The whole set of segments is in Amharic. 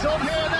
He's on here now.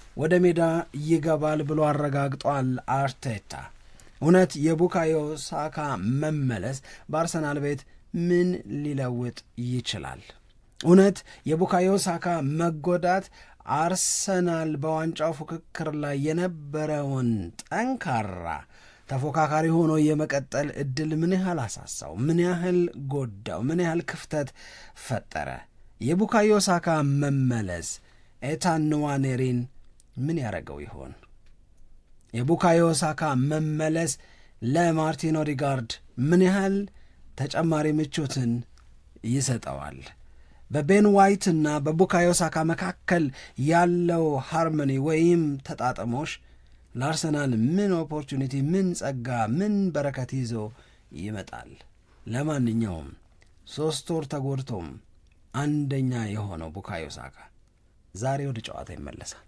ወደ ሜዳ ይገባል ብሎ አረጋግጧል አርቴታ። እውነት የቡካዮ ሳካ መመለስ በአርሰናል ቤት ምን ሊለውጥ ይችላል? እውነት የቡካዮ ሳካ መጎዳት አርሰናል በዋንጫው ፉክክር ላይ የነበረውን ጠንካራ ተፎካካሪ ሆኖ የመቀጠል እድል ምን ያህል አሳሳው? ምን ያህል ጎዳው? ምን ያህል ክፍተት ፈጠረ? የቡካዮ ሳካ መመለስ ኤታን ንዋኔሪን ምን ያደረገው ይሆን? የቡካዮ ሳካ መመለስ ለማርቲን ኦዲጋርድ ምን ያህል ተጨማሪ ምቾትን ይሰጠዋል? በቤን ዋይትና በቡካዮ ሳካ መካከል ያለው ሃርመኒ ወይም ተጣጥሞሽ ለአርሰናል ምን ኦፖርቹኒቲ፣ ምን ጸጋ፣ ምን በረከት ይዞ ይመጣል? ለማንኛውም ሶስት ወር ተጎድቶም አንደኛ የሆነው ቡካዮ ሳካ ዛሬ ወደ ጨዋታ ይመለሳል።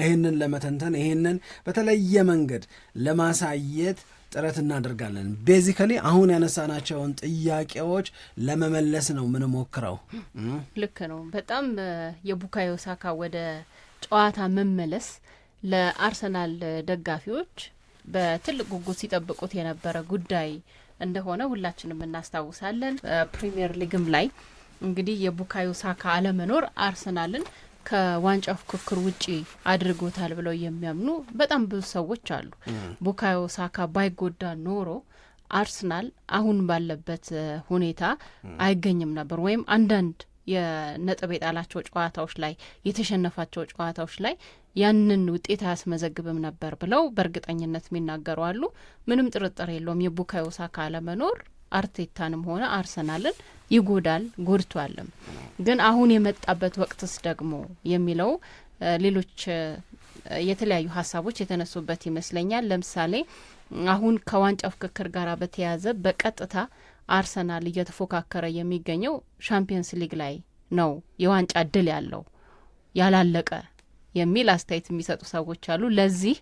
ይህንን ለመተንተን ይህንን በተለየ መንገድ ለማሳየት ጥረት እናደርጋለን። ቤዚካሊ አሁን ያነሳናቸውን ጥያቄዎች ለመመለስ ነው ምንሞክረው። ልክ ነው። በጣም የቡካዮ ሳካ ወደ ጨዋታ መመለስ ለአርሰናል ደጋፊዎች በትልቅ ጉጉት ሲጠብቁት የነበረ ጉዳይ እንደሆነ ሁላችንም እናስታውሳለን። ፕሪምየር ሊግም ላይ እንግዲህ የቡካዮ ሳካ አለመኖር አርሰናልን ከዋንጫ ፉክክር ውጪ አድርጎታል ብለው የሚያምኑ በጣም ብዙ ሰዎች አሉ። ቡካዮ ሳካ ባይጎዳ ኖሮ አርሰናል አሁን ባለበት ሁኔታ አይገኝም ነበር ወይም አንዳንድ የነጥብ የጣላቸው ጨዋታዎች ላይ የተሸነፋቸው ጨዋታዎች ላይ ያንን ውጤት አያስመዘግብም ነበር ብለው በእርግጠኝነት የሚናገሩ አሉ። ምንም ጥርጥር የለውም የቡካዮ ሳካ አለመኖር አርቴታንም ሆነ አርሰናልን ይጎዳል፣ ጎድቷልም። ግን አሁን የመጣበት ወቅትስ ደግሞ የሚለው ሌሎች የተለያዩ ሀሳቦች የተነሱበት ይመስለኛል። ለምሳሌ አሁን ከዋንጫው ፍክክር ጋር በተያያዘ በቀጥታ አርሰናል እየተፎካከረ የሚገኘው ሻምፒየንስ ሊግ ላይ ነው የዋንጫ እድል ያለው ያላለቀ የሚል አስተያየት የሚሰጡ ሰዎች አሉ። ለዚህ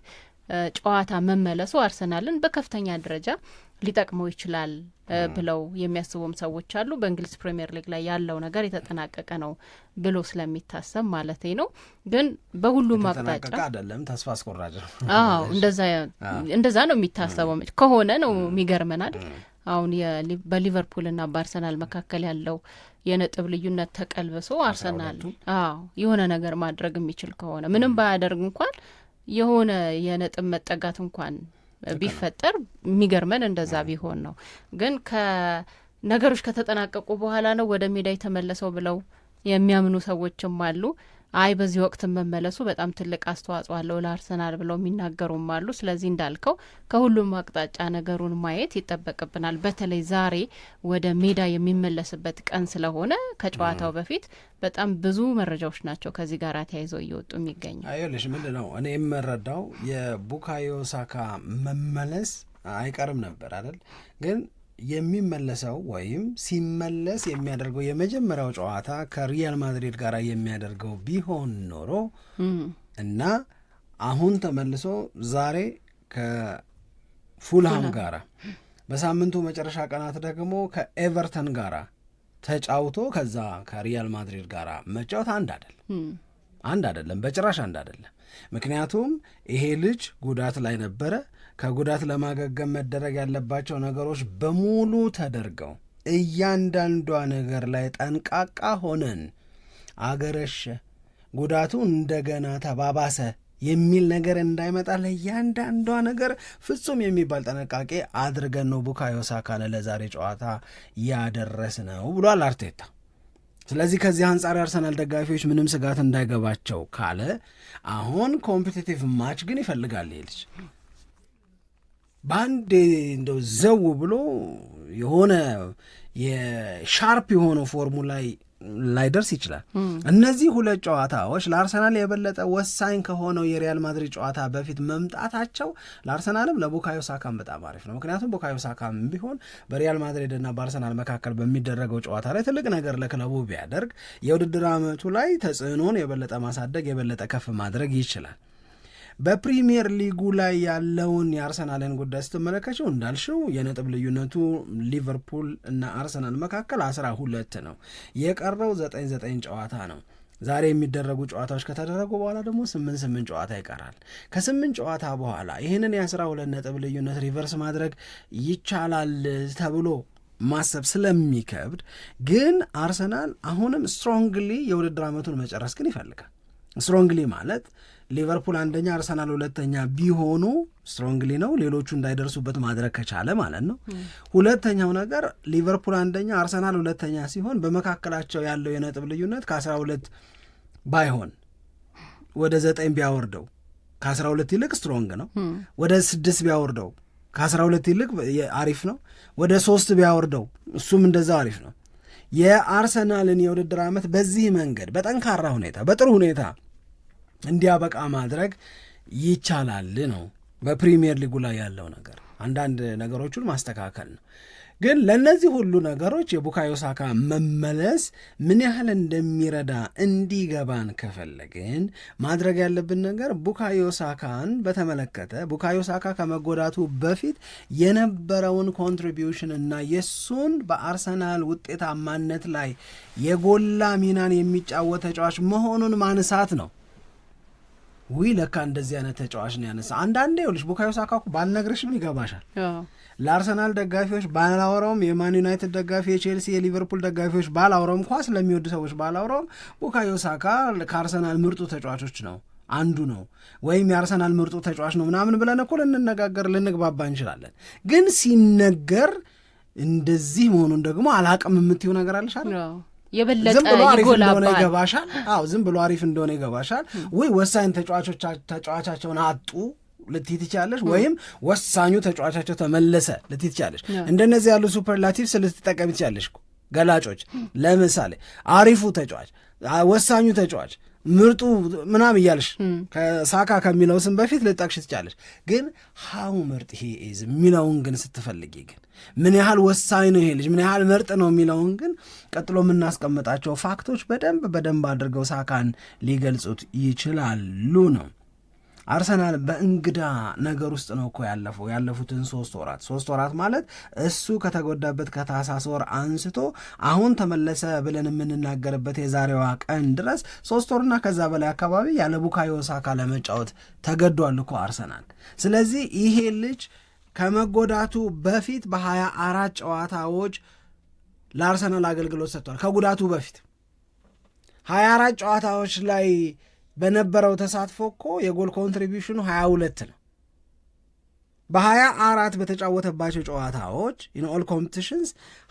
ጨዋታ መመለሱ አርሰናልን በከፍተኛ ደረጃ ሊጠቅመው ይችላል ብለው የሚያስቡም ሰዎች አሉ። በእንግሊዝ ፕሪምየር ሊግ ላይ ያለው ነገር የተጠናቀቀ ነው ብሎ ስለሚታሰብ ማለት ነው። ግን በሁሉም አቅጣጫ አይደለም፣ ተስፋ አስቆራጭ ነው። አዎ እንደዛ ነው የሚታሰበው ከሆነ ነው የሚገርመናል። አሁን በሊቨርፑልና በአርሰናል መካከል ያለው የነጥብ ልዩነት ተቀልብሶ አርሰናል አዎ የሆነ ነገር ማድረግ የሚችል ከሆነ ምንም ባያደርግ እንኳን የሆነ የነጥብ መጠጋት እንኳን ቢፈጠር የሚገርመን እንደዛ ቢሆን ነው። ግን ከነገሮች ከተጠናቀቁ በኋላ ነው ወደ ሜዳ የተመለሰው ብለው የሚያምኑ ሰዎችም አሉ። አይ በዚህ ወቅት መመለሱ በጣም ትልቅ አስተዋጽኦ አለው ለአርሰናል ብለው የሚናገሩም አሉ። ስለዚህ እንዳልከው ከሁሉም አቅጣጫ ነገሩን ማየት ይጠበቅብናል። በተለይ ዛሬ ወደ ሜዳ የሚመለስበት ቀን ስለሆነ ከጨዋታው በፊት በጣም ብዙ መረጃዎች ናቸው ከዚህ ጋር ተያይዘው እየወጡ የሚገኙ። ይኸውልሽ ምንድን ነው እኔ የምረዳው የቡካዮ ሳካ መመለስ አይቀርም ነበር አይደል? ግን የሚመለሰው ወይም ሲመለስ የሚያደርገው የመጀመሪያው ጨዋታ ከሪያል ማድሪድ ጋር የሚያደርገው ቢሆን ኖሮ እና አሁን ተመልሶ ዛሬ ከፉልሃም ጋር በሳምንቱ መጨረሻ ቀናት ደግሞ ከኤቨርተን ጋራ ተጫውቶ ከዛ ከሪያል ማድሪድ ጋር መጫወት አንድ አይደለም፣ አንድ አይደለም፣ በጭራሽ አንድ አይደለም። ምክንያቱም ይሄ ልጅ ጉዳት ላይ ነበረ። ከጉዳት ለማገገም መደረግ ያለባቸው ነገሮች በሙሉ ተደርገው እያንዳንዷ ነገር ላይ ጠንቃቃ ሆነን አገረሸ፣ ጉዳቱ እንደገና ተባባሰ የሚል ነገር እንዳይመጣ ለእያንዳንዷ ነገር ፍጹም የሚባል ጥንቃቄ አድርገን ነው ቡካዮ ሳካን ለዛሬ ጨዋታ ነው ብሏል አርቴታ። ስለዚህ ከዚህ አንጻር የአርሰናል ደጋፊዎች ምንም ስጋት እንዳይገባቸው ካለ አሁን ኮምፒቲቲቭ ማች ግን ይፈልጋል ልጅ በአንድ እንደው ዘው ብሎ የሆነ የሻርፕ የሆነው ፎርሙላ ላይደርስ ይችላል። እነዚህ ሁለት ጨዋታዎች ለአርሰናል የበለጠ ወሳኝ ከሆነው የሪያል ማድሪድ ጨዋታ በፊት መምጣታቸው ለአርሰናልም ለቡካዮ ሳካም በጣም አሪፍ ነው። ምክንያቱም ቡካዮ ሳካም ቢሆን በሪያል ማድሪድ እና በአርሰናል መካከል በሚደረገው ጨዋታ ላይ ትልቅ ነገር ለክለቡ ቢያደርግ የውድድር ዓመቱ ላይ ተጽዕኖን የበለጠ ማሳደግ የበለጠ ከፍ ማድረግ ይችላል። በፕሪሚየር ሊጉ ላይ ያለውን የአርሰናልን ጉዳይ ስትመለከቸው እንዳልሽው የነጥብ ልዩነቱ ሊቨርፑል እና አርሰናል መካከል አስራ ሁለት ነው። የቀረው ዘጠኝ ዘጠኝ ጨዋታ ነው። ዛሬ የሚደረጉ ጨዋታዎች ከተደረጉ በኋላ ደግሞ ስምንት ስምንት ጨዋታ ይቀራል። ከስምንት ጨዋታ በኋላ ይህንን የአስራ ሁለት ነጥብ ልዩነት ሪቨርስ ማድረግ ይቻላል ተብሎ ማሰብ ስለሚከብድ ግን አርሰናል አሁንም ስትሮንግሊ የውድድር ዓመቱን መጨረስ ግን ይፈልጋል። ስትሮንግሊ ማለት ሊቨርፑል አንደኛ አርሰናል ሁለተኛ ቢሆኑ ስትሮንግሊ ነው ሌሎቹ እንዳይደርሱበት ማድረግ ከቻለ ማለት ነው። ሁለተኛው ነገር ሊቨርፑል አንደኛ አርሰናል ሁለተኛ ሲሆን በመካከላቸው ያለው የነጥብ ልዩነት ከአስራ ሁለት ባይሆን ወደ ዘጠኝ ቢያወርደው ከአስራ ሁለት ይልቅ ስትሮንግ ነው። ወደ ስድስት ቢያወርደው ከአስራ ሁለት ይልቅ አሪፍ ነው። ወደ ሶስት ቢያወርደው እሱም እንደዛው አሪፍ ነው። የአርሰናልን የውድድር ዓመት በዚህ መንገድ በጠንካራ ሁኔታ በጥሩ ሁኔታ እንዲያበቃ ማድረግ ይቻላል ነው በፕሪሚየር ሊጉ ላይ ያለው ነገር። አንዳንድ ነገሮቹን ማስተካከል ነው። ግን ለእነዚህ ሁሉ ነገሮች የቡካዮ ሳካ መመለስ ምን ያህል እንደሚረዳ እንዲገባን ከፈለግን ማድረግ ያለብን ነገር ቡካዮ ሳካን በተመለከተ ቡካዮ ሳካ ከመጎዳቱ በፊት የነበረውን ኮንትሪቢሽን እና የእሱን በአርሰናል ውጤታማነት ላይ የጎላ ሚናን የሚጫወት ተጫዋች መሆኑን ማንሳት ነው። ውይ ለካ እንደዚህ አይነት ተጫዋች ነው ያነሳ። አንዳንዴ ይኸውልሽ ቡካዮ ሳካ ባልነግርሽም ይገባሻል። ለአርሰናል ደጋፊዎች ባላውረውም የማን ዩናይትድ ደጋፊ፣ የቼልሲ የሊቨርፑል ደጋፊዎች ባላውረውም ኳስ ለሚወዱ ሰዎች ባላውረውም ቡካዮ ሳካ ከአርሰናል ምርጡ ተጫዋቾች ነው አንዱ ነው ወይም የአርሰናል ምርጡ ተጫዋች ነው ምናምን ብለን እኮ ልንነጋገር ልንግባባ እንችላለን። ግን ሲነገር እንደዚህ መሆኑን ደግሞ አላቅም የምትይው ነገር አለሽ የበለጠ ዝም ብሎ አሪፍ እንደሆነ ይገባሻል። ወይ ወሳኝ ተጫዋቻቸውን አጡ ልትይ ትችላለሽ፣ ወይም ወሳኙ ተጫዋቻቸው ተመለሰ ልትይ ትችላለሽ። እንደነዚህ ያሉ ሱፐርላቲቭስ ልትጠቀሚ ትችላለሽ። ገላጮች ለምሳሌ አሪፉ ተጫዋች፣ ወሳኙ ተጫዋች ምርጡ ምናም እያልሽ ከሳካ ከሚለው ስም በፊት ልጠቅሽ ትቻለሽ። ግን ሀው ምርጥ ይሄ ዝ የሚለውን ግን ስትፈልጊ ግን ምን ያህል ወሳኝ ነው ይሄ ልጅ ምን ያህል ምርጥ ነው የሚለውን ግን ቀጥሎ የምናስቀምጣቸው ፋክቶች በደንብ በደንብ አድርገው ሳካን ሊገልጹት ይችላሉ ነው አርሰናል በእንግዳ ነገር ውስጥ ነው እኮ ያለፈው ያለፉትን ሶስት ወራት ሶስት ወራት ማለት እሱ ከተጎዳበት ከታህሳስ ወር አንስቶ አሁን ተመለሰ ብለን የምንናገርበት የዛሬዋ ቀን ድረስ ሶስት ወርና ከዛ በላይ አካባቢ ያለ ቡካዮ ሳካ ለመጫወት ተገዷል እኮ አርሰናል። ስለዚህ ይሄ ልጅ ከመጎዳቱ በፊት በሀያ አራት ጨዋታዎች ለአርሰናል አገልግሎት ሰጥቷል። ከጉዳቱ በፊት ሀያ አራት ጨዋታዎች ላይ በነበረው ተሳትፎ እኮ የጎል ኮንትሪቢሽኑ 22 ነው። በሀያ አራት በተጫወተባቸው ጨዋታዎች ኦል ኮምፒቲሽንስ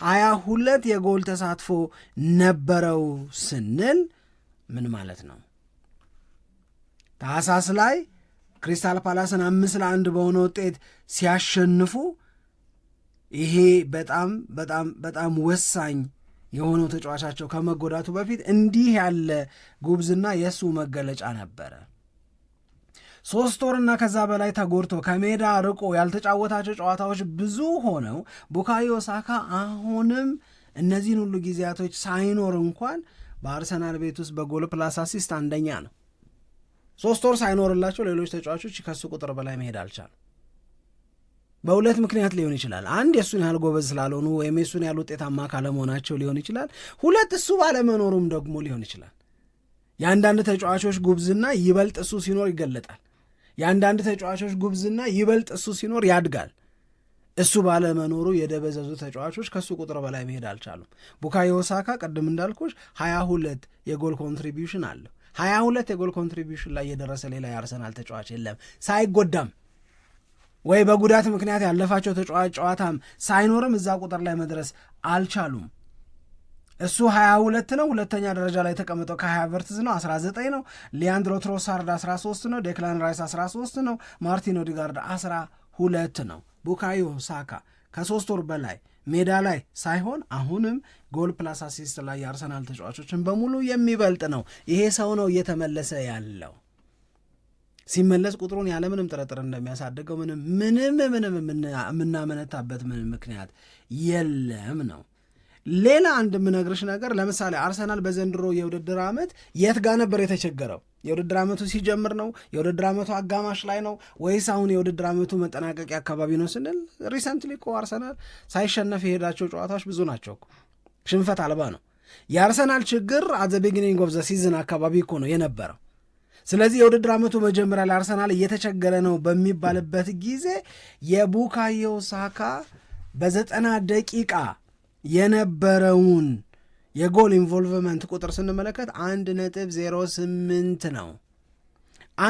ሀያ ሁለት የጎል ተሳትፎ ነበረው ስንል ምን ማለት ነው? ታህሳስ ላይ ክሪስታል ፓላስን አምስት ለአንድ በሆነ ውጤት ሲያሸንፉ ይሄ በጣም በጣም በጣም ወሳኝ የሆነው ተጫዋቻቸው ከመጎዳቱ በፊት እንዲህ ያለ ጉብዝና የእሱ መገለጫ ነበረ። ሶስት ወርና ከዛ በላይ ተጎድቶ ከሜዳ ርቆ ያልተጫወታቸው ጨዋታዎች ብዙ ሆነው ቡካዮ ሳካ አሁንም እነዚህን ሁሉ ጊዜያቶች ሳይኖር እንኳን በአርሰናል ቤት ውስጥ በጎል ፕላስ አሲስት አንደኛ ነው። ሶስት ወር ሳይኖርላቸው ሌሎች ተጫዋቾች ከሱ ቁጥር በላይ መሄድ አልቻሉ። በሁለት ምክንያት ሊሆን ይችላል። አንድ የእሱን ያህል ጎበዝ ስላልሆኑ ወይም የእሱን ያህል ውጤታማ ካለመሆናቸው ሊሆን ይችላል። ሁለት እሱ ባለመኖሩም ደግሞ ሊሆን ይችላል። የአንዳንድ ተጫዋቾች ጉብዝና ይበልጥ እሱ ሲኖር ይገለጣል። የአንዳንድ ተጫዋቾች ጉብዝና ይበልጥ እሱ ሲኖር ያድጋል። እሱ ባለመኖሩ የደበዘዙ ተጫዋቾች ከእሱ ቁጥር በላይ መሄድ አልቻሉም። ቡካዮ ሳካ ቅድም እንዳልኩሽ ሀያ ሁለት የጎል ኮንትሪቢሽን አለው። ሀያ ሁለት የጎል ኮንትሪቢሽን ላይ የደረሰ ሌላ የአርሰናል ተጫዋች የለም ሳይጎዳም ወይ በጉዳት ምክንያት ያለፋቸው ተጫዋች ጨዋታም ሳይኖርም እዛ ቁጥር ላይ መድረስ አልቻሉም። እሱ 22 ነው። ሁለተኛ ደረጃ ላይ የተቀመጠው ከሀያ ቨርትዝ ነው ዘጠኝ ነው። ሊያንድሮ ትሮሳርድ 13 ነው። ዴክላን ራይስ 13 ነው። ማርቲን ኦዲጋርድ ሁለት ነው። ቡካዮ ሳካ ከሶስት ወር በላይ ሜዳ ላይ ሳይሆን አሁንም ጎል ፕላስ አሲስት ላይ የአርሰናል ተጫዋቾችን በሙሉ የሚበልጥ ነው። ይሄ ሰው ነው እየተመለሰ ያለው። ሲመለስ ቁጥሩን ያለምንም ጥርጥር እንደሚያሳድገው ምንም ምንም ምንም የምናመነታበት ምንም ምክንያት የለም ነው። ሌላ አንድ የምነግርሽ ነገር ለምሳሌ አርሰናል በዘንድሮ የውድድር ዓመት የት ጋር ነበር የተቸገረው? የውድድር ዓመቱ ሲጀምር ነው? የውድድር ዓመቱ አጋማሽ ላይ ነው? ወይስ አሁን የውድድር ዓመቱ መጠናቀቂያ አካባቢ ነው ስንል ሪሰንትሊ እኮ አርሰናል ሳይሸነፍ የሄዳቸው ጨዋታዎች ብዙ ናቸው። ሽንፈት አልባ ነው። የአርሰናል ችግር አዘ ቢግኒንግ ኦፍ ዘ ሲዝን አካባቢ እኮ ነው የነበረው ስለዚህ የውድድር ዓመቱ መጀመሪያ ለአርሰናል እየተቸገረ ነው በሚባልበት ጊዜ የቡካዮ ሳካ በዘጠና ደቂቃ የነበረውን የጎል ኢንቮልቭመንት ቁጥር ስንመለከት አንድ ነጥብ ዜሮ ስምንት ነው።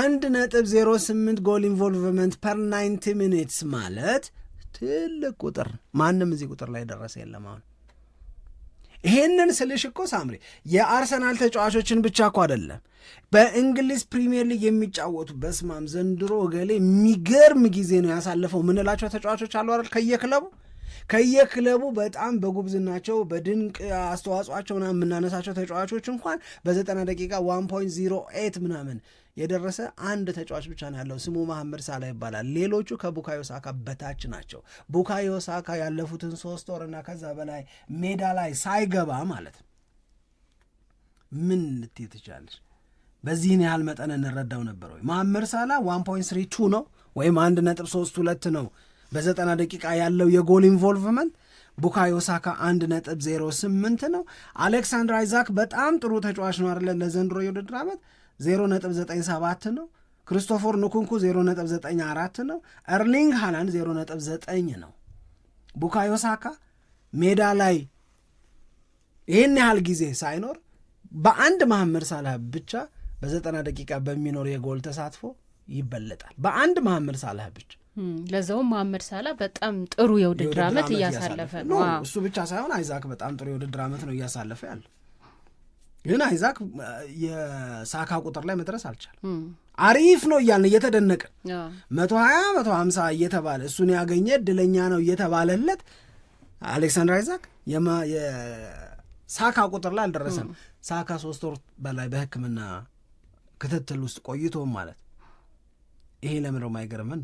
አንድ ነጥብ ዜሮ ስምንት ጎል ኢንቮልቭመንት ፐር ናይንቲ ሚኒትስ ማለት ትልቅ ቁጥር፣ ማንም እዚህ ቁጥር ላይ ደረሰ የለም አሁን ይሄንን ስልሽ እኮ ሳምሪ የአርሰናል ተጫዋቾችን ብቻ እኮ አይደለም በእንግሊዝ ፕሪምየር ሊግ የሚጫወቱ በስማም ዘንድሮ እገሌ የሚገርም ጊዜ ነው ያሳለፈው ምንላቸው ተጫዋቾች አሉ አይደል ከየክለቡ ከየክለቡ በጣም በጉብዝናቸው በድንቅ አስተዋጽኦቸው የምናነሳቸው ተጫዋቾች እንኳን በዘጠና ደቂቃ ዋን ፖይንት ዜሮ ኤይት ምናምን የደረሰ አንድ ተጫዋች ብቻ ነው ያለው። ስሙ መሐመድ ሳላ ይባላል። ሌሎቹ ከቡካዮ ሳካ በታች ናቸው። ቡካዮ ሳካ ያለፉትን ሶስት ወርና ከዛ በላይ ሜዳ ላይ ሳይገባ ማለት ነው። ምን ልትይ ትችላለች? በዚህን ያህል መጠን እንረዳው ነበር ወይ? መሐመድ ሳላ 1.32 ነው ወይም ሁለት ነው በዘጠና ደቂቃ ያለው የጎል ኢንቮልቭመንት ቡካዮ ሳካ ስምንት ነው። አሌክሳንድር አይዛክ በጣም ጥሩ ተጫዋች ነው አይደለ? ለዘንድሮ የውድድር ዓመት 0.97 ነው። ክርስቶፎር ንኩንኩ 0.94 ነው። ኤርሊንግ ሃላንድ 0.9 ነጥብ ነው። ቡካዮ ሳካ ሜዳ ላይ ይህን ያህል ጊዜ ሳይኖር በአንድ መሐመድ ሳላህ ብቻ በዘጠና ደቂቃ በሚኖር የጎል ተሳትፎ ይበለጣል። በአንድ መሐመድ ሳላህ ብቻ ለዛውም መሐመድ ሳላ በጣም ጥሩ የውድድር ዓመት እያሳለፈ ነው። እሱ ብቻ ሳይሆን አይዛክ በጣም ጥሩ የውድድር ዓመት ነው እያሳለፈ ያለው። ግን አይዛክ የሳካ ቁጥር ላይ መድረስ አልቻለም። አሪፍ ነው እያልን እየተደነቅን መቶ ሀያ መቶ ሀምሳ እየተባለ እሱን ያገኘ እድለኛ ነው እየተባለለት አሌክሳንድር አይዛክ የሳካ ቁጥር ላይ አልደረሰም። ሳካ ሶስት ወር በላይ በሕክምና ክትትል ውስጥ ቆይቶ ማለት ይሄ ለምን ነው የማይገርመን?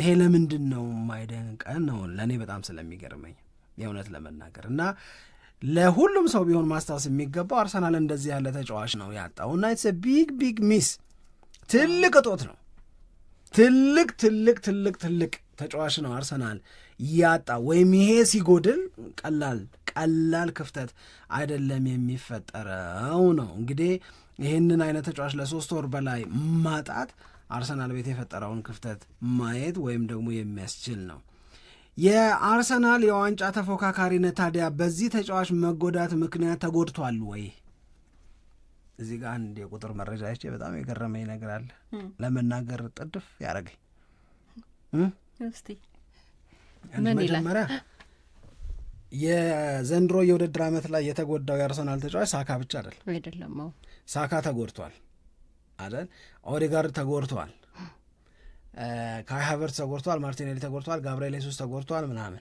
ይሄ ለምንድን ነው የማይደንቀን? ነው ለእኔ በጣም ስለሚገርመኝ የእውነት ለመናገር እና ለሁሉም ሰው ቢሆን ማስታወስ የሚገባው አርሰናል እንደዚህ ያለ ተጫዋች ነው ያጣው እና የተሰ ቢግ ቢግ ሚስ ትልቅ እጦት ነው። ትልቅ ትልቅ ትልቅ ትልቅ ተጫዋች ነው አርሰናል ያጣ ወይም ይሄ ሲጎድል ቀላል ቀላል ክፍተት አይደለም የሚፈጠረው ነው። እንግዲህ ይህንን አይነት ተጫዋች ለሶስት ወር በላይ ማጣት አርሰናል ቤት የፈጠረውን ክፍተት ማየት ወይም ደግሞ የሚያስችል ነው። የአርሰናል የዋንጫ ተፎካካሪነት ታዲያ በዚህ ተጫዋች መጎዳት ምክንያት ተጎድቷል ወይ? እዚህ ጋር አንድ የቁጥር መረጃ ይቼ በጣም የገረመኝ ነገር አለ ለመናገር ጥድፍ ያደረገኝ። መጀመሪያ የዘንድሮ የውድድር ዓመት ላይ የተጎዳው የአርሰናል ተጫዋች ሳካ ብቻ አይደለም። ሳካ ተጎድቷል አይደል? ኦዴጋርድ ተጎድቷል ካይ ሃቨርትዝ ተጎድተዋል፣ ማርቲኔሊ ተጎድተዋል፣ ጋብርኤል ሱስ ተጎድተዋል ምናምን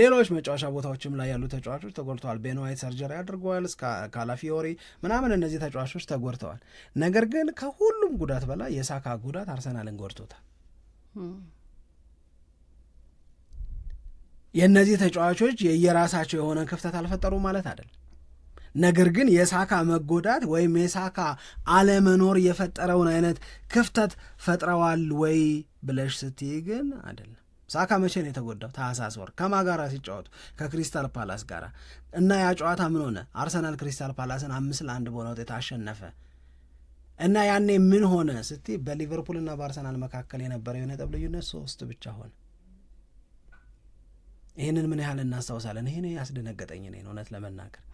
ሌሎች መጫወቻ ቦታዎችም ላይ ያሉ ተጫዋቾች ተጎድተዋል። ቤን ዋይት ሰርጀሪ አድርገዋል፣ ካላፊዮሪ ምናምን እነዚህ ተጫዋቾች ተጎድተዋል። ነገር ግን ከሁሉም ጉዳት በላይ የሳካ ጉዳት አርሰናልን ጎድቶታል። የእነዚህ ተጫዋቾች የየራሳቸው የሆነ ክፍተት አልፈጠሩም ማለት አይደለም። ነገር ግን የሳካ መጎዳት ወይም የሳካ አለመኖር የፈጠረውን አይነት ክፍተት ፈጥረዋል ወይ ብለሽ ስትይ ግን አይደለም። ሳካ መቼ ነው የተጎዳው? ታህሳስ ወር ከማ ጋራ ሲጫወቱ ከክሪስታል ፓላስ ጋር እና ያ ጨዋታ ምን ሆነ? አርሰናል ክሪስታል ፓላስን አምስት ለአንድ በሆነ ውጤት አሸነፈ። እና ያኔ ምን ሆነ ስትይ በሊቨርፑልና በአርሰናል መካከል የነበረው የነጥብ ልዩነት ሶስት ብቻ ሆነ። ይህንን ምን ያህል እናስታውሳለን? ይሄ ያስደነገጠኝ እውነት ለመናገር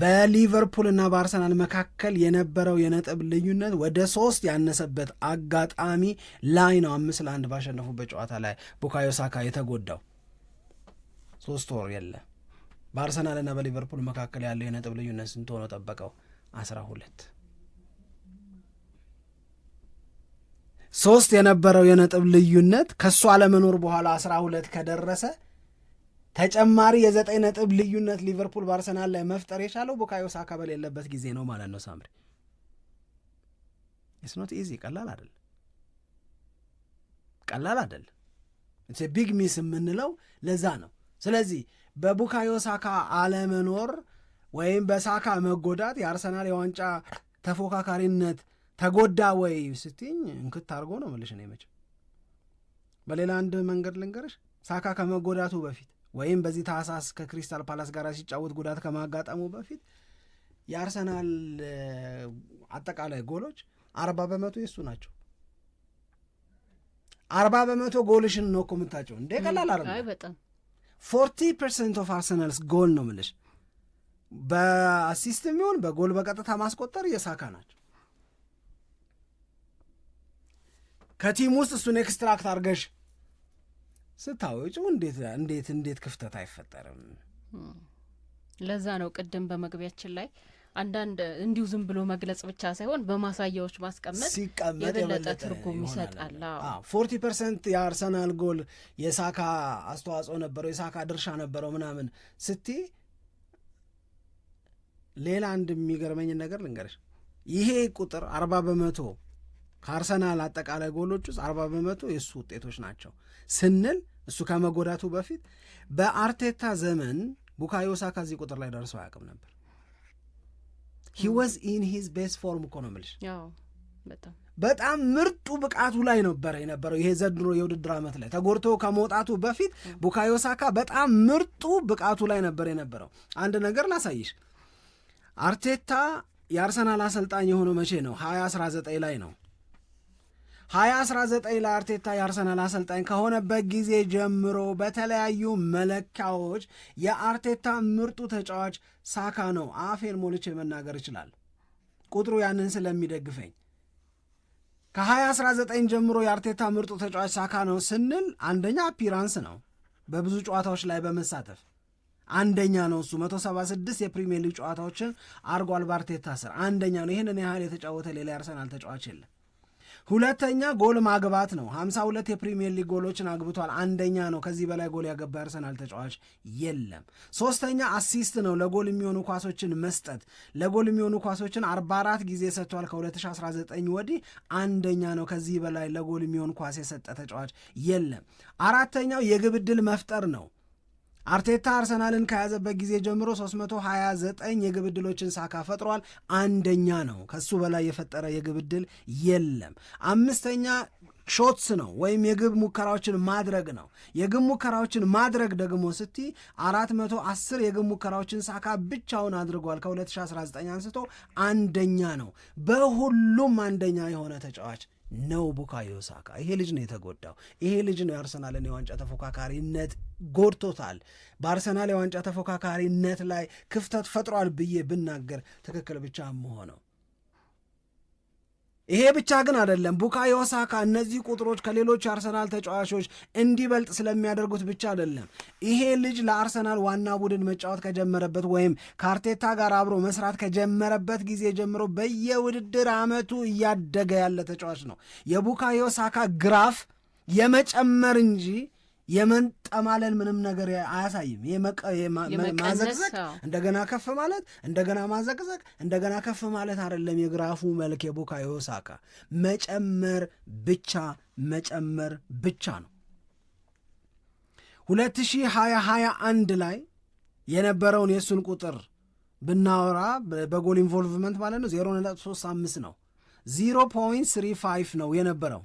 በሊቨርፑል እና በአርሰናል መካከል የነበረው የነጥብ ልዩነት ወደ ሶስት ያነሰበት አጋጣሚ ላይ ነው አምስት ለአንድ ባሸነፉበት ጨዋታ ላይ ቡካዮ ሳካ የተጎዳው። ሶስት ወር የለ በአርሰናልና በሊቨርፑል መካከል ያለው የነጥብ ልዩነት ስንት ሆኖ ጠበቀው? አስራ ሁለት ሶስት የነበረው የነጥብ ልዩነት ከእሱ አለመኖር በኋላ አስራ ሁለት ከደረሰ ተጨማሪ የዘጠኝ ነጥብ ልዩነት ሊቨርፑል በአርሰናል ላይ መፍጠር የቻለው ቡካዮ ሳካ በሌለበት ጊዜ ነው ማለት ነው። ሳምሪ ስኖት ኢዚ ቀላል አይደል፣ ቀላል አይደል። ቢግ ሚስ የምንለው ለዛ ነው። ስለዚህ በቡካዮ ሳካ አለመኖር ወይም በሳካ መጎዳት የአርሰናል የዋንጫ ተፎካካሪነት ተጎዳ ወይ ስትኝ እንክት አድርጎ ነው መልሽ ነው። በሌላ አንድ መንገድ ልንገርሽ ሳካ ከመጎዳቱ በፊት ወይም በዚህ ታህሳስ ከክሪስታል ፓላስ ጋር ሲጫወት ጉዳት ከማጋጠሙ በፊት የአርሰናል አጠቃላይ ጎሎች አርባ በመቶ የሱ ናቸው። አርባ በመቶ ጎልሽን ነው እኮ የምታቸው እንደ ቀላል አይደለም። ፎርቲ ፐርሰንት ኦፍ አርሰናልስ ጎል ነው ምልሽ በአሲስት የሚሆን በጎል በቀጥታ ማስቆጠር የሳካ ናቸው። ከቲም ውስጥ እሱን ኤክስትራክት አርገሽ ስታወጩ እንዴት እንዴት እንዴት ክፍተት አይፈጠርም? ለዛ ነው ቅድም በመግቢያችን ላይ አንዳንድ እንዲሁ ዝም ብሎ መግለጽ ብቻ ሳይሆን በማሳያዎች ማስቀመጥ ሲቀመጥ የበለጠ ትርጉም ይሰጣል። ፎርቲ ፐርሰንት የአርሰናል ጎል የሳካ አስተዋጽኦ ነበረው፣ የሳካ ድርሻ ነበረው ምናምን ስቲ ሌላ አንድ የሚገርመኝን ነገር ልንገርሽ፣ ይሄ ቁጥር አርባ በመቶ ከአርሰናል አጠቃላይ ጎሎች ውስጥ አርባ በመቶ የእሱ ውጤቶች ናቸው ስንል እሱ ከመጎዳቱ በፊት በአርቴታ ዘመን ቡካዮ ሳካ እዚህ ቁጥር ላይ ደርሰው አያውቅም ነበር። ሂ ወዝ ኢን ሂዝ ቤስት ፎርም እኮ ነው የምልሽ። በጣም ምርጡ ብቃቱ ላይ ነበረ የነበረው ይሄ ዘንድሮ የውድድር ዓመት ላይ ተጎድቶ ከመውጣቱ በፊት ቡካዮ ሳካ በጣም ምርጡ ብቃቱ ላይ ነበር የነበረው። አንድ ነገር ላሳይሽ። አርቴታ የአርሰናል አሰልጣኝ የሆነው መቼ ነው? ሀያ አስራ ዘጠኝ ላይ ነው 2019 ላይ አርቴታ የአርሰናል አሰልጣኝ ከሆነበት ጊዜ ጀምሮ በተለያዩ መለኪያዎች የአርቴታ ምርጡ ተጫዋች ሳካ ነው። አፌን ሞልቼ መናገር ይችላል፣ ቁጥሩ ያንን ስለሚደግፈኝ። ከ2019 ጀምሮ የአርቴታ ምርጡ ተጫዋች ሳካ ነው ስንል አንደኛ አፒራንስ ነው። በብዙ ጨዋታዎች ላይ በመሳተፍ አንደኛ ነው እሱ። 176 የፕሪሚየር ሊግ ጨዋታዎችን አርጓል። በአርቴታ ስር አንደኛ ነው። ይህንን ያህል የተጫወተ ሌላ የአርሰናል ተጫዋች የለም። ሁለተኛ ጎል ማግባት ነው። 52 የፕሪሚየር ሊግ ጎሎችን አግብቷል። አንደኛ ነው። ከዚህ በላይ ጎል ያገባ አርሰናል ተጫዋች የለም። ሶስተኛ አሲስት ነው። ለጎል የሚሆኑ ኳሶችን መስጠት። ለጎል የሚሆኑ ኳሶችን 44 ጊዜ ሰጥቷል። ከ2019 ወዲህ አንደኛ ነው። ከዚህ በላይ ለጎል የሚሆን ኳስ የሰጠ ተጫዋች የለም። አራተኛው የግብ ዕድል መፍጠር ነው። አርቴታ አርሰናልን ከያዘበት ጊዜ ጀምሮ 329 የግብ ዕድሎችን ሳካ ፈጥሯል። አንደኛ ነው። ከሱ በላይ የፈጠረ የግብ ዕድል የለም። አምስተኛ ሾትስ ነው ወይም የግብ ሙከራዎችን ማድረግ ነው። የግብ ሙከራዎችን ማድረግ ደግሞ ስቲ 410 የግብ ሙከራዎችን ሳካ ብቻውን አድርጓል። ከ2019 አንስቶ አንደኛ ነው። በሁሉም አንደኛ የሆነ ተጫዋች ነው ቡካዮ ሳካ። ይሄ ልጅ ነው የተጎዳው። ይሄ ልጅ ነው የአርሰናልን የዋንጫ ተፎካካሪነት ጎድቶታል። በአርሰናል የዋንጫ ተፎካካሪነት ላይ ክፍተት ፈጥሯል ብዬ ብናገር ትክክል ብቻ መሆነው ይሄ ብቻ ግን አይደለም። ቡካዮ ሳካ እነዚህ ቁጥሮች ከሌሎች አርሰናል ተጫዋቾች እንዲበልጥ ስለሚያደርጉት ብቻ አይደለም። ይሄ ልጅ ለአርሰናል ዋና ቡድን መጫወት ከጀመረበት ወይም ከአርቴታ ጋር አብሮ መስራት ከጀመረበት ጊዜ ጀምሮ በየውድድር ዓመቱ እያደገ ያለ ተጫዋች ነው። የቡካዮ ሳካ ግራፍ የመጨመር እንጂ የመንጠማለል ምንም ነገር አያሳይም። ማዘቅዘቅ፣ እንደገና ከፍ ማለት፣ እንደገና ማዘቅዘቅ፣ እንደገና ከፍ ማለት አይደለም የግራፉ መልክ የቡካዮ ሳካ መጨመር ብቻ መጨመር ብቻ ነው። 2021 ላይ የነበረውን የእሱን ቁጥር ብናወራ በጎል ኢንቮልቭመንት ማለት ነው 0.35 ነው፣ 0.35 ነው የነበረው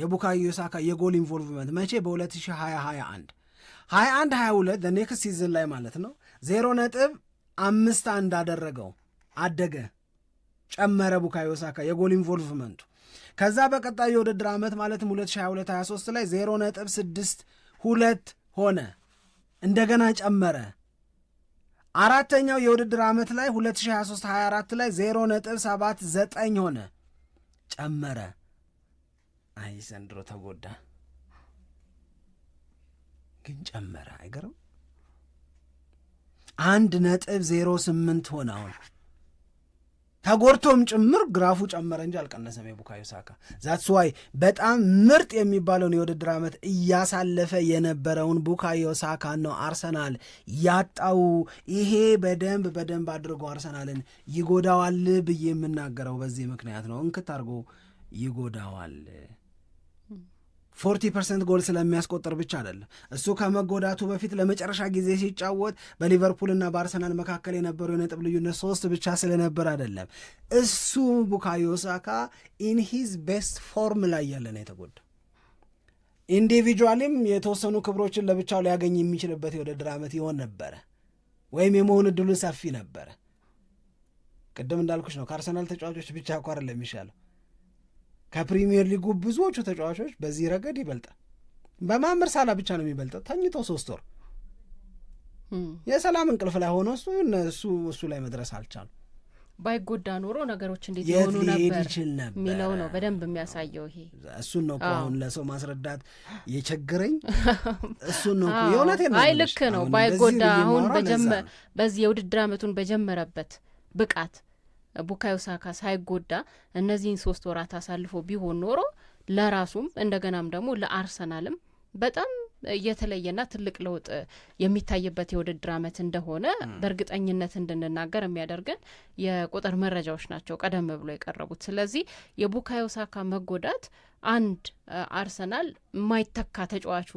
የቡካዮ ሳካ የጎል ኢንቮልቭመንት መቼ በ2021 21 22 ኔክስት ሲዝን ላይ ማለት ነው ዜሮ ነጥብ አምስት እንዳደረገው አደገ ጨመረ ቡካዮ ሳካ የጎል ኢንቮልቭመንቱ ከዛ በቀጣዩ የውድድር ዓመት ማለትም 2022/23 ላይ ሁለት ሆነ እንደገና ጨመረ። አራተኛው የውድድር ዓመት ላይ 2023/24 ላይ 0.79 ሆነ ጨመረ። አይ ዘንድሮ ተጎዳ፣ ግን ጨመረ። አይገርም! አንድ ነጥብ ዜሮ ስምንት ሆነ። አሁን ተጎድቶም ጭምር ግራፉ ጨመረ እንጂ አልቀነሰም። የቡካዮ ሳካ ዛትስ ዋይ በጣም ምርጥ የሚባለውን የውድድር ዓመት እያሳለፈ የነበረውን ቡካዮ ሳካ ነው አርሰናል ያጣው። ይሄ በደንብ በደንብ አድርጎ አርሰናልን ይጎዳዋል ብዬ የምናገረው በዚህ ምክንያት ነው። እንክት አድርጎ ይጎዳዋል። ፎርቲ ፐርሰንት ጎል ስለሚያስቆጥር ብቻ አይደለም። እሱ ከመጎዳቱ በፊት ለመጨረሻ ጊዜ ሲጫወት በሊቨርፑልና በአርሰናል መካከል የነበረው የነጥብ ልዩነት ሶስት ብቻ ስለነበር አይደለም። እሱ ቡካዮ ሳካ ኢን ቤስት ፎርም ላይ ያለ ነው የተጎዳ። ኢንዲቪጁዋሊም የተወሰኑ ክብሮችን ለብቻው ሊያገኝ የሚችልበት የውድድር ዓመት ይሆን ነበረ ወይም የመሆን እድሉን ሰፊ ነበረ። ቅድም እንዳልኩች ነው ከአርሰናል ተጫዋቾች ብቻ እኮ አይደለም የሚሻለው ከፕሪሚየር ሊጉ ብዙዎቹ ተጫዋቾች በዚህ ረገድ ይበልጣል። በማምር ሳላ ብቻ ነው የሚበልጠው። ተኝተው ሶስት ወር የሰላም እንቅልፍ ላይ ሆኖ እሱ እነሱ እሱ ላይ መድረስ አልቻሉ። ባይጎዳ ኖሮ ነገሮች እንዴት የሆኑ ነበር ነበር የሚለው ነው በደንብ የሚያሳየው ይሄ። እሱን ነው አሁን ለሰው ማስረዳት የቸግረኝ። እሱ ነው የእውነት አይ ልክ ነው። ባይጎዳ አሁን በጀመ በዚህ የውድድር አመቱን በጀመረበት ብቃት ቡካዮ ሳካ ሳይጎዳ እነዚህን ሶስት ወራት አሳልፎ ቢሆን ኖሮ ለራሱም እንደገናም ደግሞ ለአርሰናልም በጣም የተለየና ትልቅ ለውጥ የሚታይበት የውድድር ዓመት እንደሆነ በእርግጠኝነት እንድንናገር የሚያደርገን የቁጥር መረጃዎች ናቸው ቀደም ብሎ የቀረቡት። ስለዚህ የቡካዮ ሳካ መጎዳት አንድ አርሰናል የማይተካ ተጫዋቹ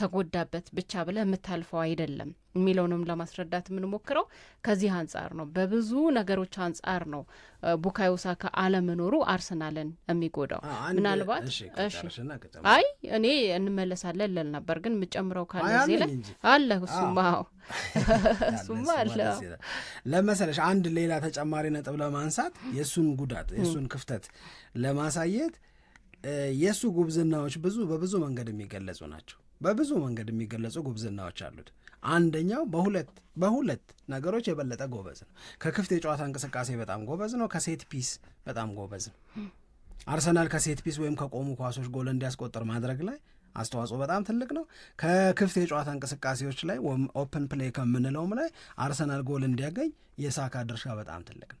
ተጎዳበት ብቻ ብለህ የምታልፈው አይደለም የሚለውንም ለማስረዳት የምንሞክረው ከዚህ አንጻር ነው። በብዙ ነገሮች አንጻር ነው ቡካዮ ሳካ አለመኖሩ አርሰናልን የሚጎዳው። ምናልባት አይ እኔ እንመለሳለን ልል ነበር፣ ግን የምጨምረው ካለ ዜለ አለ እሱማ እሱማ አለ ለመሰለሽ አንድ ሌላ ተጨማሪ ነጥብ ለማንሳት የእሱን ጉዳት የእሱን ክፍተት ለማሳየት የእሱ ጉብዝናዎች ብዙ በብዙ መንገድ የሚገለጹ ናቸው። በብዙ መንገድ የሚገለጹ ጉብዝናዎች አሉት። አንደኛው በሁለት በሁለት ነገሮች የበለጠ ጎበዝ ነው። ከክፍት የጨዋታ እንቅስቃሴ በጣም ጎበዝ ነው። ከሴት ፒስ በጣም ጎበዝ ነው። አርሰናል ከሴት ፒስ ወይም ከቆሙ ኳሶች ጎል እንዲያስቆጥር ማድረግ ላይ አስተዋጽኦ በጣም ትልቅ ነው። ከክፍት የጨዋታ እንቅስቃሴዎች ላይ ኦፕን ፕሌይ ከምንለውም ላይ አርሰናል ጎል እንዲያገኝ የሳካ ድርሻ በጣም ትልቅ ነው።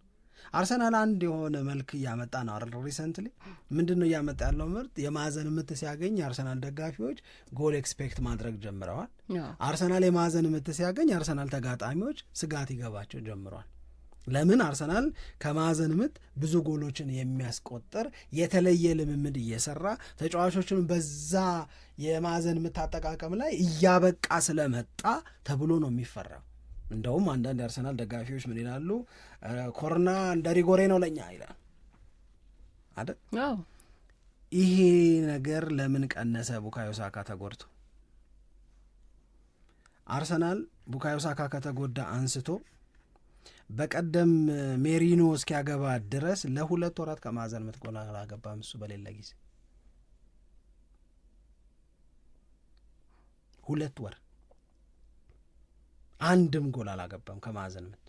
አርሰናል አንድ የሆነ መልክ እያመጣ ነው አይደል? ሪሰንትሊ ምንድን ነው እያመጣ ያለው ምርጥ የማዕዘን ምት ሲያገኝ የአርሰናል ደጋፊዎች ጎል ኤክስፔክት ማድረግ ጀምረዋል። አርሰናል የማዕዘን ምት ሲያገኝ የአርሰናል ተጋጣሚዎች ስጋት ይገባቸው ጀምረዋል። ለምን አርሰናል ከማዕዘን ምት ብዙ ጎሎችን የሚያስቆጥር የተለየ ልምምድ እየሰራ ተጫዋቾችን በዛ የማዕዘን ምት አጠቃቀም ላይ እያበቃ ስለመጣ ተብሎ ነው የሚፈራው። እንደውም አንዳንድ የአርሰናል ደጋፊዎች ምን ይላሉ? ኮርና እንደ ሪጎሬ ነው ለኛ ይላል አይደል? ይሄ ነገር ለምን ቀነሰ? ቡካዮ ሳካ ተጎድቶ አርሰናል ቡካዮ ሳካ ከተጎዳ አንስቶ በቀደም ሜሪኖ እስኪያገባ ድረስ ለሁለት ወራት ከማዕዘን ምት ጎል አላገባም እሱ በሌለ ጊዜ ሁለት ወር አንድም ጎል አላገባም ከማዕዘን ምት።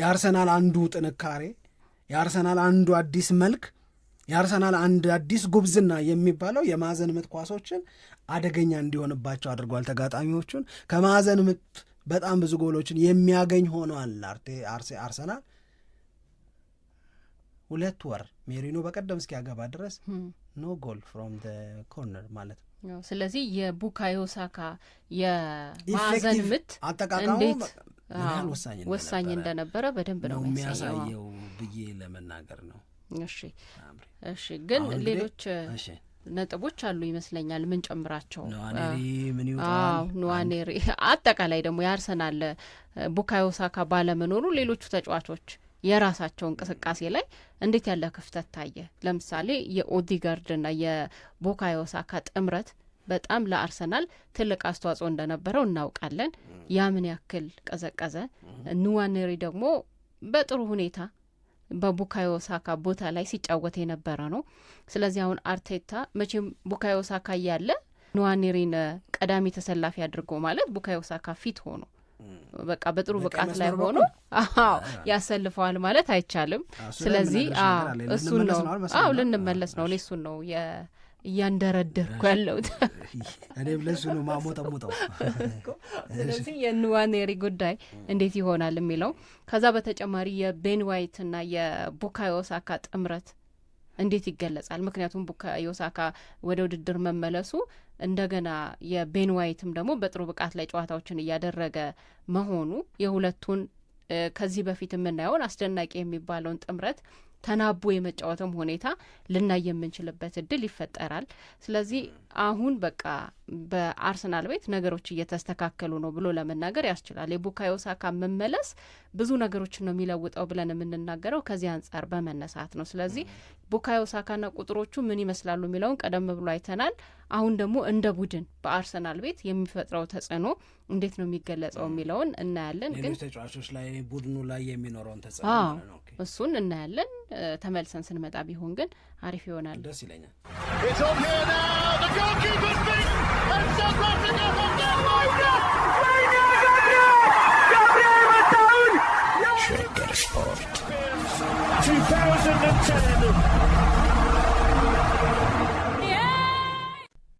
የአርሰናል አንዱ ጥንካሬ፣ የአርሰናል አንዱ አዲስ መልክ፣ የአርሰናል አንድ አዲስ ጉብዝና የሚባለው የማዕዘን ምት ኳሶችን አደገኛ እንዲሆንባቸው አድርጓል ተጋጣሚዎቹን። ከማዕዘን ምት በጣም ብዙ ጎሎችን የሚያገኝ ሆኗል አርሰናል። ሁለት ወር ሜሪኖ በቀደም እስኪያገባ ድረስ ኖ ጎል ፍሮም ኮርነር ማለት ነው ስለዚህ የቡካዮ ሳካ የማዕዘን ምት እንዴት ወሳኝ እንደነበረ በደንብ ነው የሚያሳየው ብዬ ለመናገር ነው። እሺ እሺ፣ ግን ሌሎች ነጥቦች አሉ ይመስለኛል። ምን ጨምራቸው ኑዋኔሪ፣ አጠቃላይ ደግሞ የአርሰናል ቡካዮ ሳካ ባለመኖሩ ሌሎቹ ተጫዋቾች የራሳቸው እንቅስቃሴ ላይ እንዴት ያለ ክፍተት ታየ? ለምሳሌ የኦዲጋርድና የቡካዮ ሳካ ጥምረት በጣም ለአርሰናል ትልቅ አስተዋጽኦ እንደነበረው እናውቃለን። ያ ምን ያክል ቀዘቀዘ? ኑዋኔሪ ደግሞ በጥሩ ሁኔታ በቡካዮ ሳካ ቦታ ላይ ሲጫወት የነበረ ነው። ስለዚህ አሁን አርቴታ መቼም ቡካዮ ሳካ እያለ ኑዋኔሪን ቀዳሚ ተሰላፊ አድርጎ ማለት ቡካዮ ሳካ ፊት ሆኖ በቃ በጥሩ ብቃት ላይ ሆኖ አዎ ያሰልፈዋል ማለት አይቻልም። ስለዚህ እሱን ነው አዎ ልንመለስ ነው። እኔ እሱን ነው እያንደረደርኩ ያለሁት። እኔም ለሱ ነው ማሞጠሙጠው። ስለዚህ የንዋኔሪ ጉዳይ እንዴት ይሆናል የሚለው ከዛ በተጨማሪ የቤን ዋይትና የቡካዮ ሳካ ጥምረት እንዴት ይገለጻል? ምክንያቱም ቡካዮ ሳካ ወደ ውድድር መመለሱ እንደገና የቤን ዋይትም ደግሞ በጥሩ ብቃት ላይ ጨዋታዎችን እያደረገ መሆኑ የሁለቱን ከዚህ በፊት የምናየውን አስደናቂ የሚባለውን ጥምረት ተናቦ የመጫወትም ሁኔታ ልናይ የምንችልበት እድል ይፈጠራል። ስለዚህ አሁን በቃ በአርሰናል ቤት ነገሮች እየተስተካከሉ ነው ብሎ ለመናገር ያስችላል። የቡካዮ ሳካ መመለስ ብዙ ነገሮችን ነው የሚለውጠው ብለን የምንናገረው ከዚህ አንጻር በመነሳት ነው። ስለዚህ ቡካዮ ሳካና ቁጥሮቹ ምን ይመስላሉ የሚለውን ቀደም ብሎ አይተናል። አሁን ደግሞ እንደ ቡድን በአርሰናል ቤት የሚፈጥረው ተጽዕኖ እንዴት ነው የሚገለጸው የሚለውን እናያለን። ግን ተጫዋቾች ላይ ቡድኑ ላይ የሚኖረውን ተጽዕኖ እሱን እናያለን። ተመልሰን ስንመጣ ቢሆን ግን አሪፍ ይሆናል፣ ደስ ይለኛል።